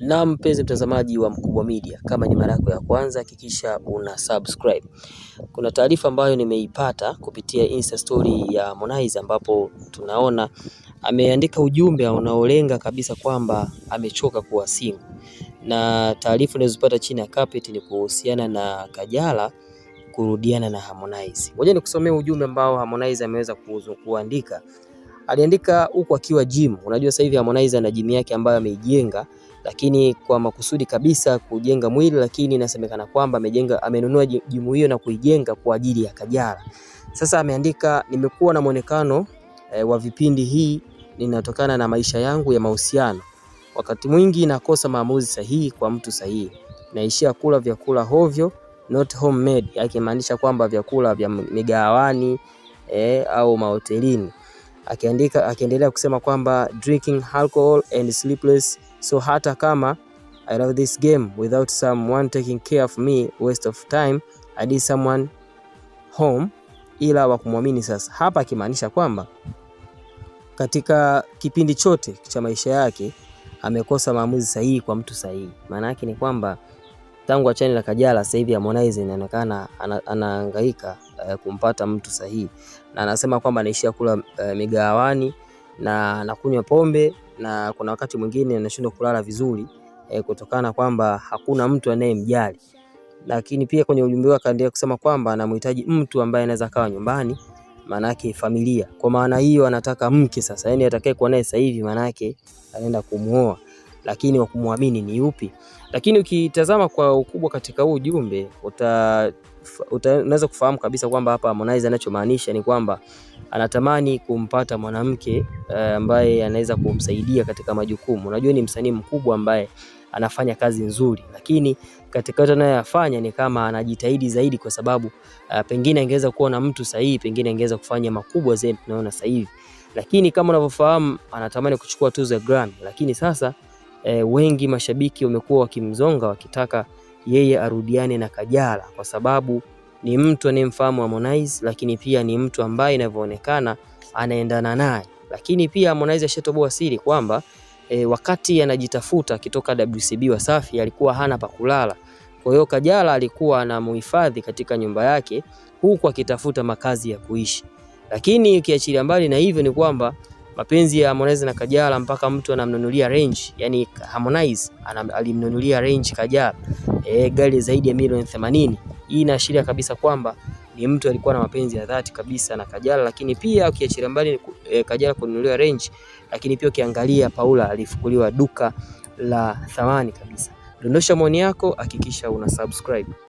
Na mpenzi mtazamaji wa Mkubwa Media, kama ni mara yako ya kwanza hakikisha una subscribe. Kuna taarifa ambayo nimeipata kupitia Insta story ya Harmonize ambapo tunaona ameandika ujumbe unaolenga kabisa kwamba amechoka kuwa single. Na taarifa unazopata chini ya carpet ni kuhusiana na Kajala kurudiana na Harmonize. Ngoja nikusomee ujumbe ambao Harmonize ameweza kuandika. Aliandika huku akiwa gym. Unajua sasa hivi Harmonize ana gym yake ambayo ameijenga, lakini kwa makusudi kabisa kujenga mwili, lakini inasemekana kwamba amejenga, amenunua gym hiyo na kuijenga kwa ajili ya Kajala. Sasa ameandika, nimekuwa na mwonekano e, wa vipindi hii ninatokana na maisha yangu ya mahusiano. Wakati mwingi nakosa maamuzi sahihi kwa mtu sahihi, naishia kula vyakula hovyo not homemade, akimaanisha kwamba vyakula vya migawani e, eh, au mahotelini. Akiandika, akiendelea kusema kwamba drinking alcohol and sleepless so hata kama I love this game without someone taking care of me waste of time I need someone home ila wa kumwamini sasa. Hapa akimaanisha kwamba katika kipindi chote cha maisha yake amekosa maamuzi sahihi kwa mtu sahihi. Maana yake ni kwamba tangu achane na Kajala, sasa hivi Harmonize inaonekana anahangaika uh, kumpata mtu sahihi, na anasema kwamba anaishia kula uh, eh, migawani na nakunywa pombe na kuna wakati mwingine anashindwa kulala vizuri eh, kutokana kwamba hakuna mtu anayemjali. Lakini pia kwenye ujumbe wake akaendelea kusema kwamba anamhitaji mtu ambaye anaweza kawa nyumbani, maana familia. Kwa maana hiyo anataka mke sasa, yani atakaye kuwa naye sasa hivi, maana anaenda kumuoa, lakini wa kumwamini ni yupi? Lakini ukitazama kwa ukubwa katika huu ujumbe uta, unaweza kufahamu kabisa kwamba hapa Harmonize anachomaanisha ni kwamba anatamani kumpata mwanamke eh, ambaye anaweza kumsaidia katika majukumu. Unajua ni msanii mkubwa ambaye anafanya kazi nzuri, lakini katika yote anayoyafanya ni kama anajitahidi zaidi, kwa sababu uh, pengine angeweza kuwa na mtu sahihi, pengine angeweza kufanya makubwa zaidi tunaona sasa hivi. Lakini kama unavyofahamu, anatamani kuchukua tuzo ya Grammy, lakini sasa e, wengi mashabiki wamekuwa wakimzonga wakitaka yeye arudiane na Kajala kwa sababu ni mtu anayemfahamu Harmonize, lakini pia ni mtu ambaye inavyoonekana anaendana naye. Lakini pia Harmonize ashatoboa siri kwamba e, wakati anajitafuta akitoka WCB Wasafi alikuwa hana pa kulala, kwa hiyo Kajala alikuwa anamhifadhi katika nyumba yake huku akitafuta makazi ya kuishi. Lakini ukiachilia mbali na hivyo ni kwamba mapenzi ya Harmonize na Kajala mpaka mtu anamnunulia range, yani Harmonize alimnunulia range Kajala e, eh, gari zaidi ya milioni 80. Hii inaashiria kabisa kwamba ni mtu alikuwa na mapenzi ya dhati kabisa na Kajala, lakini pia ukiachilia mbali e, Kajala kununuliwa range, lakini pia ukiangalia Paula alifukuliwa duka la thamani kabisa. Dondosha maoni yako, hakikisha una subscribe.